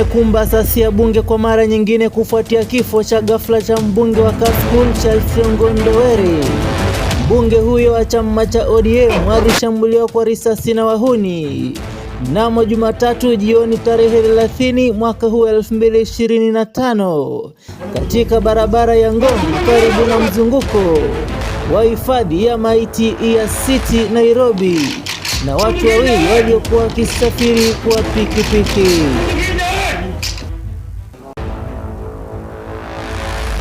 Imekumba asasi ya bunge kwa mara nyingine kufuatia kifo cha ghafla cha mbunge wa Kasipul Charles Tiongo Mbunge huyo wa chama cha ODM alishambuliwa kwa risasi na wahuni mnamo Jumatatu jioni tarehe 30 mwaka huu 2025 katika barabara ya Ngong karibu na mzunguko wa hifadhi ya maiti ya City Nairobi na watu wawili waliokuwa wakisafiri kwa pikipiki.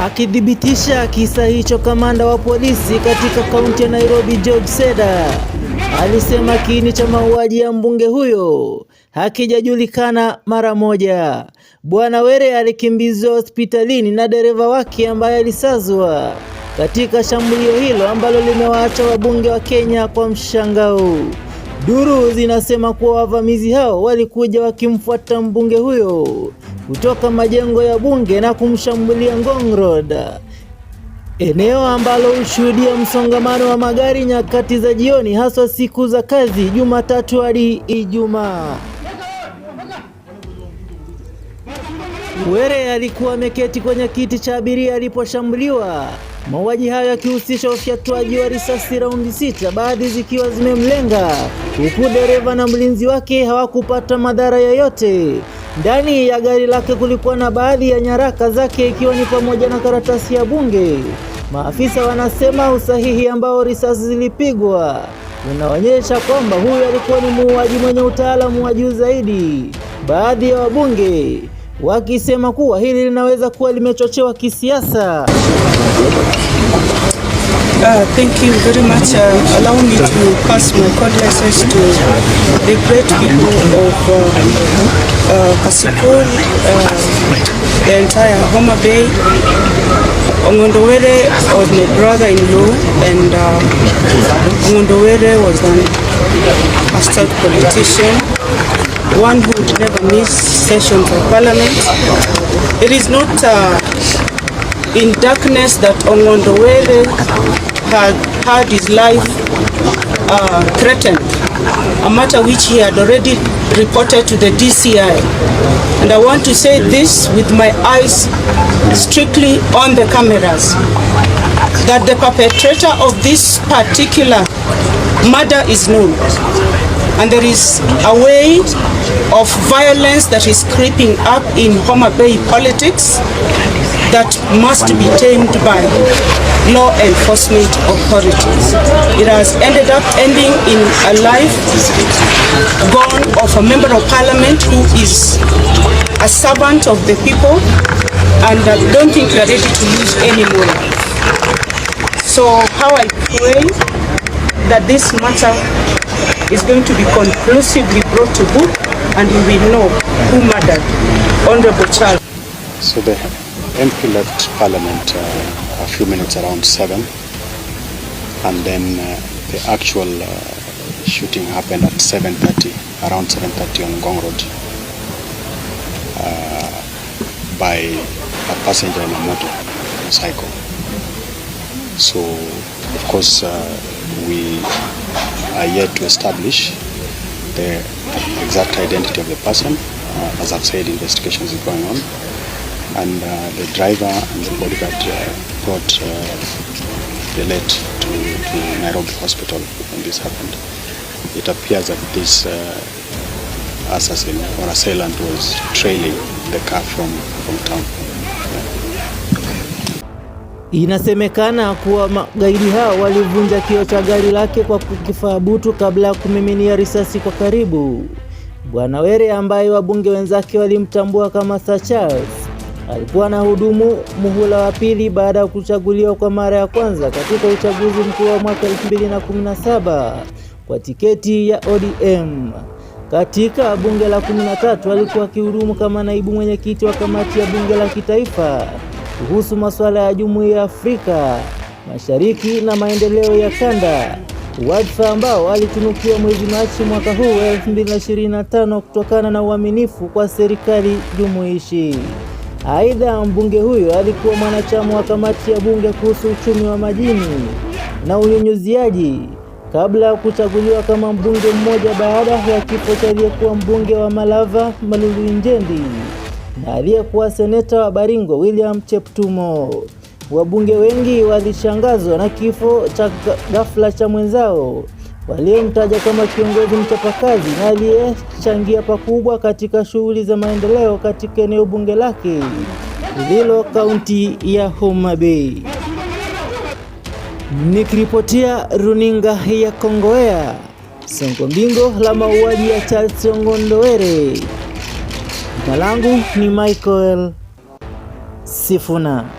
Akithibitisha kisa hicho, kamanda wa polisi katika kaunti ya Nairobi George Seda alisema kiini cha mauaji ya mbunge huyo hakijajulikana mara moja. Bwana Were alikimbizwa hospitalini na dereva wake ambaye alisazwa katika shambulio hilo ambalo limewaacha wabunge wa Kenya kwa mshangao. Duru zinasema kuwa wavamizi hao walikuja wakimfuata mbunge huyo kutoka majengo ya bunge na kumshambulia Ngong Road, eneo ambalo hushuhudia msongamano wa magari nyakati za jioni, haswa siku za kazi, Jumatatu hadi Ijumaa. Were alikuwa ameketi kwenye kiti cha abiria aliposhambuliwa, mauaji hayo yakihusisha ufyatuaji wa risasi raundi sita, baadhi zikiwa zimemlenga, huku dereva na mlinzi wake hawakupata madhara yoyote. Ndani ya gari lake kulikuwa na baadhi ya nyaraka zake ikiwa ni pamoja na karatasi ya bunge. Maafisa wanasema usahihi ambao risasi zilipigwa unaonyesha kwamba huyu alikuwa ni muuaji mwenye utaalamu wa juu zaidi. Baadhi ya wabunge wakisema kuwa hili linaweza kuwa limechochewa kisiasa. Uh, thank you very much. Uh, allow me to pass my condolences to the great people of uh, uh, Kasipul, uh, the entire Homa Bay, Ongondowere was my brother-in-law, and uh, Ongondowere was an, astute politician, one who never missed sessions of parliament. It is not uh, in darkness that Ongondowere had had his life uh, threatened, a matter which he had already reported to the DCI. And I want to say this with my eyes strictly on the cameras, that the perpetrator of this particular murder is known. And there is a way of violence that is creeping up in Homa Bay politics that must be tamed by law enforcement authorities. It has ended up ending in a life gone of a member of parliament who is a servant of the people and I don't think we are ready to lose any more. So how I pray that this matter is going to be conclusively brought to book and we will know who murdered Honorable Charles. So there. MP left Parliament uh, a few minutes around 7 and then uh, the actual uh, shooting happened at 7.30, around 7.30 on Gong Road uh, by a passenger in a motorcycle. So, of course, uh, we are yet to establish the exact identity of the person. Uh, as I've said, investigations is going on and uh, the driver and the bodyguard uh, brought uh, the late to, to Nairobi hospital when this happened. It appears that this uh, assassin or assailant was trailing the car from, from town. Inasemekana kuwa magaidi hao walivunja kioo cha gari lake kwa kukifaa butu kabla ya kumiminia risasi kwa karibu. Bwana Were ambaye wabunge wenzake walimtambua kama Sir Charles alikuwa na hudumu muhula wa pili baada ya kuchaguliwa kwa mara ya kwanza katika uchaguzi mkuu wa mwaka 2017 kwa tiketi ya ODM. Katika bunge la 13 alikuwa akihudumu kama naibu mwenyekiti wa kamati ya bunge la kitaifa kuhusu masuala ya jumuiya ya Afrika Mashariki na maendeleo ya kanda, wadhifa ambao alitunukiwa mwezi Machi mwaka huu 2025 kutokana na uaminifu kwa serikali jumuishi. Aidha, mbunge huyo alikuwa mwanachama wa kamati ya bunge kuhusu uchumi wa majini na unyunyuziaji kabla ya kuchaguliwa kama mbunge mmoja baada ya kifo cha aliyekuwa mbunge wa Malava Malulu Njendi na aliyekuwa seneta wa Baringo William Cheptumo. Wabunge wengi walishangazwa na kifo cha ghafla cha mwenzao waliomtaja kama kiongozi mchapakazi na aliyechangia pakubwa katika shughuli za maendeleo katika eneo bunge lake lilo kaunti ya Homa Bay. Nikiripotia runinga ya Kongowea, songo mbingo la mauaji ya Charles ongondowere jina langu ni Michael Sifuna.